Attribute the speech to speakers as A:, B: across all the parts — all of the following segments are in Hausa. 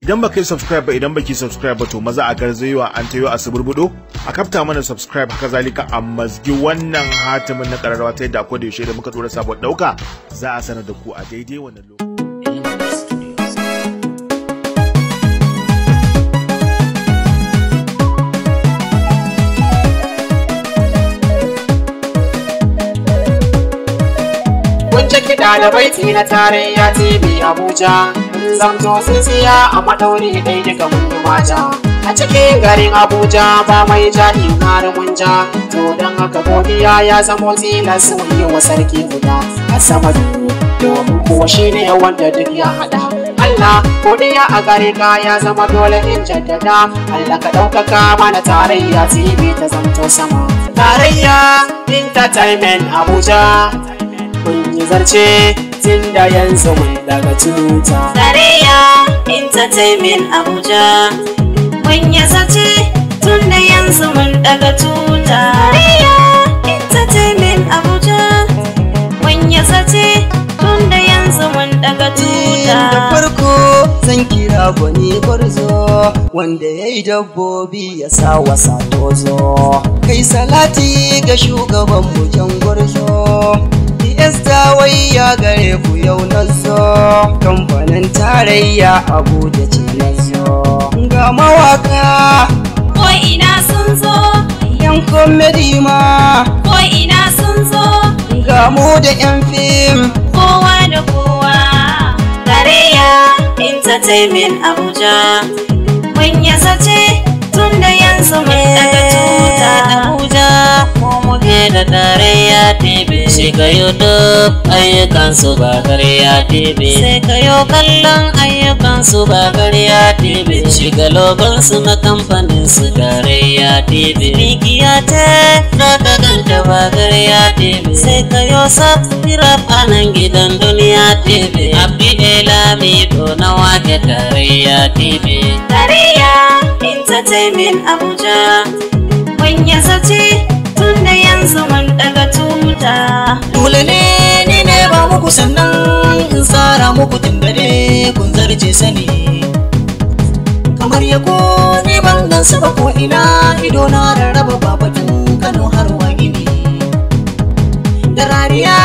A: idan ba kai subscribe ba idan baki subscribe ba to maza a garzayewa an tayo a suburbudo a kafta mana subscribe haka zalika a mazgi wannan hatimin na kararrawa ta yadda ko da yaushe da muka tura sabon dauka za a sanar da ku a daidai wannan lokaci Ɗalibai na tarayya TV Abuja mun zamto tsintsiya a maɗauri ɗai daga mu mata a cikin garin abuja ba mai jani mara munja to don haka godiya ya zamo zila mu yi wa sarki guda a sama domin kuwa shi ne wanda duniya ya haɗa Allah godiya a gare ka ya zama dole in jaddada Allah ka ɗaukaka mana tarayya TV ta zamto sama tarayya entertainment abuja kun yi zarce tun da yanzu mun daga tuta. Zareya
B: Entertainment Abuja. Mun ya zace tun da yanzu mun daga tuta. Zareya Entertainment Abuja. Mun ya zace tun da yanzu mun daga tuta. Da farko zan kira gwani gwarzo wanda ya yi dabbobi ya sa wasa
A: tozo.
B: Kai salati ga shugaban mu can gwarzo. esta wayya gare ku yau na kamfanin tarayya abuja ce na zo ga mawaka ko ina sun zo yan komedi ma ko ina sun zo ga mu da yan fim kowa da kowa gareya entertainment abuja wanya ya tun da yanzu mun daga na tarayya tv sai ka youtube ayyukansu ba karya tv sai ka kallon ayyukansu ba karya tv shiga logonsu na su tarayya tv mikiya ce za ka ganta ba karya tv sai ka yo subscribe a nan gidan duniya tv abdi elami to na wake tarayya tv tarayya entertainment abuja When you're an saba ko ina ido na da
A: raba kano har wani da rariya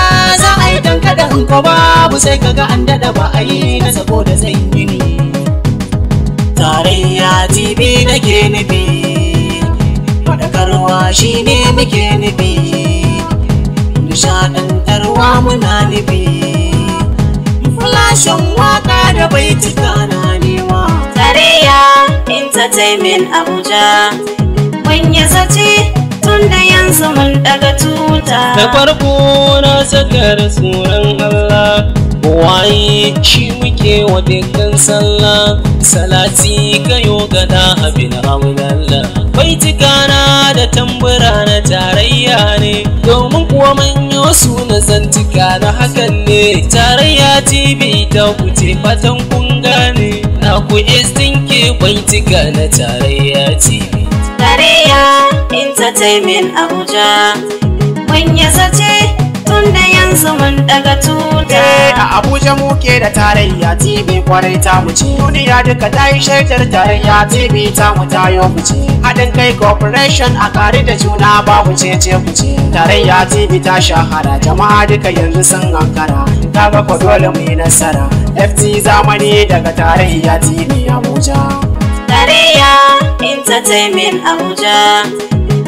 A: za a yi dan da in babu sai kaga an dada ba a yi na saboda zan yi ne tarayya tv nake nufi
B: faɗakarwa shine muke nufi nishaɗantarwa muna nufi flashin waka da baituka min Abuja. wani ya zace tun da yanzu mun daga tuta. Da
A: farko na saka da
B: tsoron Allah. Waye shi muke wa dukkan sallah salati kayo gada abin bai baitika na da tambura na tarayya ne domin kuwa manyo su na zantika na hakan ne tarayya tv ta kuce fatan kun gane baituka na tarayya TV. Tarayya Entertainment Abuja. Mun ya zace tun da yanzu
A: mun daga tuta. Eh, a Abuja muke da tarayya TV kwarai ta mu ci. Duniya duka ta yi shaidar tarayya TV ta mu tayo mu ci. Haɗin kai cooperation a kare da juna babu ce mu ci. Tarayya TV ta shahara jama'a duka yanzu sun ankara. kaga ko dole mu yi nasara FT zamani daga tarayya TV Abuja Tarayya Entertainment Abuja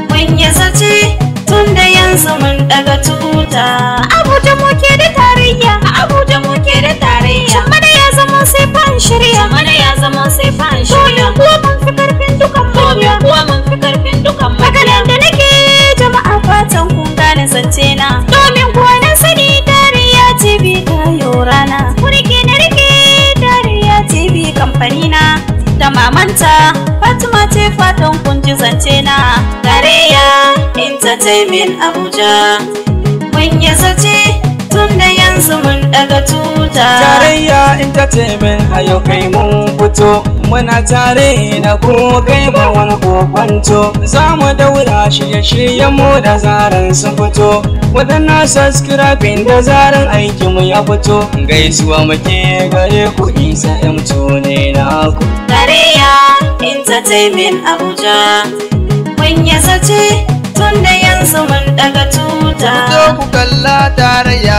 B: Mun yi sace tun da yanzu mun daga tuta Abuja ke da tarayya Abuja ke da tarayya Shamma ya zama sai fan shirya Shamma ya zama sai fan shirya Dole kuwa mun fi karfin dukan mu Dole kuwa mun fi karfin dukan mu Maganar da nake jama'a fatan kun gane zance na Domin min abuja mun ya zace
A: tun da yanzu mun daga tuta tarayya entertainment a yau kai mun fito muna tare da ku kai ba wani kokwanto za mu daura shirye-shiryen mu da zaran sun fito waɗannan subscribing da zaran aikin mu ya fito gaisuwa muke gare ku isa yamto ne na ku
B: tarayya entertainment abuja mun ya fatan mun daga tuta zo ku kalla tarayya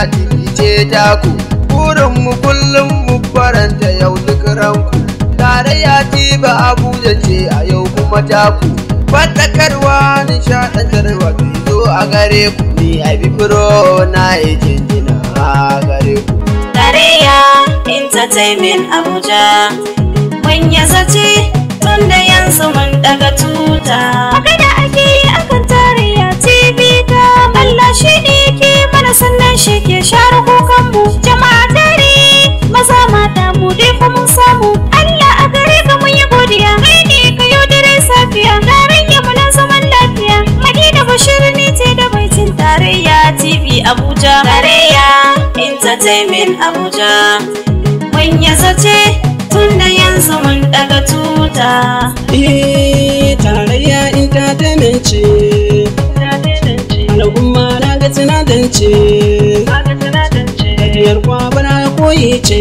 B: ce taku burin mu kullum mu faranta yau duk ranku tarayya ti ba abuja ce a yau kuma taku fadakarwa nishadantarwa ku zo a gare ku ni a bi furo na yi jinjina a gare ku tarayya entertainment abuja mun ya zace tun da yanzu mun daga tuta. Haka da ake yi a kanta. TV Abuja. Kareya Entertainment Abuja. Mun ya zace tun da yanzu mun daga tuta. Eh, tarayya Entertainment ce. Al'umma na ga tunadan ce. Tafiyar kwa bara koyi ce.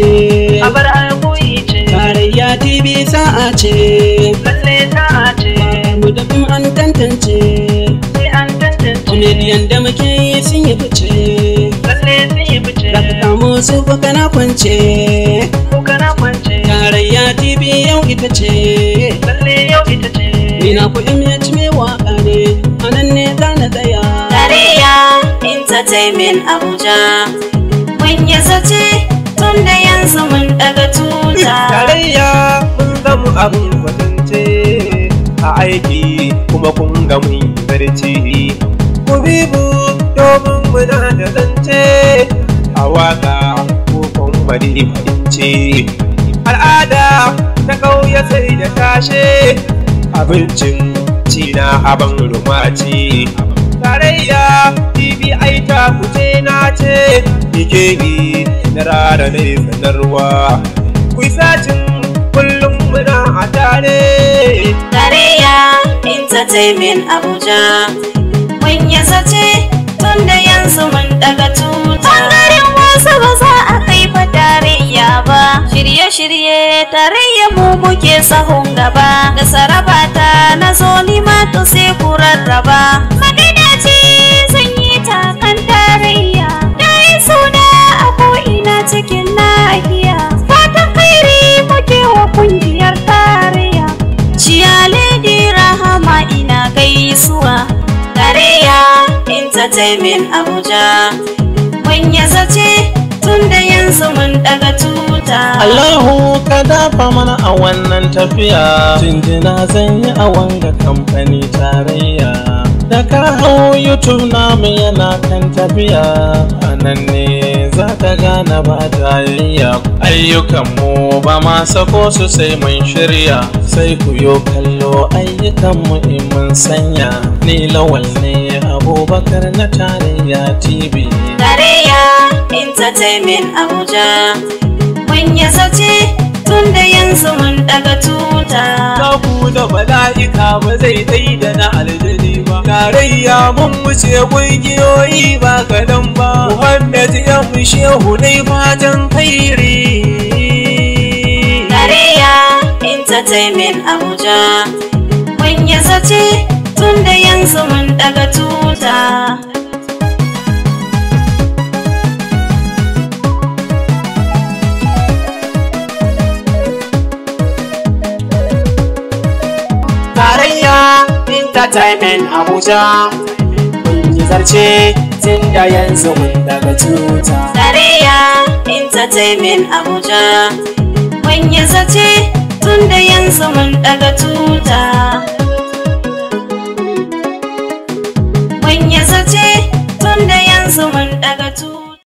B: Tarayya TV sa'a ce. Lalle sa'a ce. Mu dafin an tantance.
A: Comedian da muke su kuka na kwance kuka na kwance tarayya
B: tv yau ita ce lalle yau ita ce ina ku image me waka ne anan ne za na tsaya tarayya entertainment abuja mun yi zace tun da yanzu mun daga tuta tarayya
A: mun gamu abin kwatance a aiki kuma kun ga mun zarci ku bibu domin muna da zance a waka ce al'ada ta ƙauye sai da tashe abincin cina abin rumaci. ce tarayya bibi ai ta kuce na ce ike ni na rara ne sanarwa kuisacin
B: kullum muna a tare tarayya entertainment abuja wanya sace shirye tarayya mu muke sahun gaba da sarabata na zo ni ma to sai ku rarraba magana ce sun yi takan tarayya da suna a ko'ina cikin nahiya fatan kairi muke wa kungiyar tarayya ciya lady rahama ina kai gaisuwa tarayya entertainment abuja mun ya zace tun da yanzu mun daga tu Allahu
A: ka dafa mana a wannan tafiya Jinjina zan yi a wanga kamfani tarayya Da ka hau YouTube namu yana kan tafiya A nan ne za ka gane ba tarayya Ayyukanmu ba ma sako su sai mun shirya Sai ku yo kallo ayyukanmu in mun sanya Ni lawal ne abubakar na tarayya TV Tarayya
B: Entertainment Abuja ban tunda yanzu mun
A: daga tuta. Taku da mala'ika ba zai dai da na ba. Tarayya mun wuce kungiyoyi ba kadan ba. Muhammad ya shehu ne fatan kairi. Tarayya
B: Entertainment Abuja. Ban tunda sace yanzu mun daga tuta.
A: Taimin Abuja Mun yi zarce tun da yanzu mun daga tuta Sariya
B: Entertainment Abuja Mun yi zarce tun da yanzu mun daga tuta Mun yi zarce tun da yanzu mun daga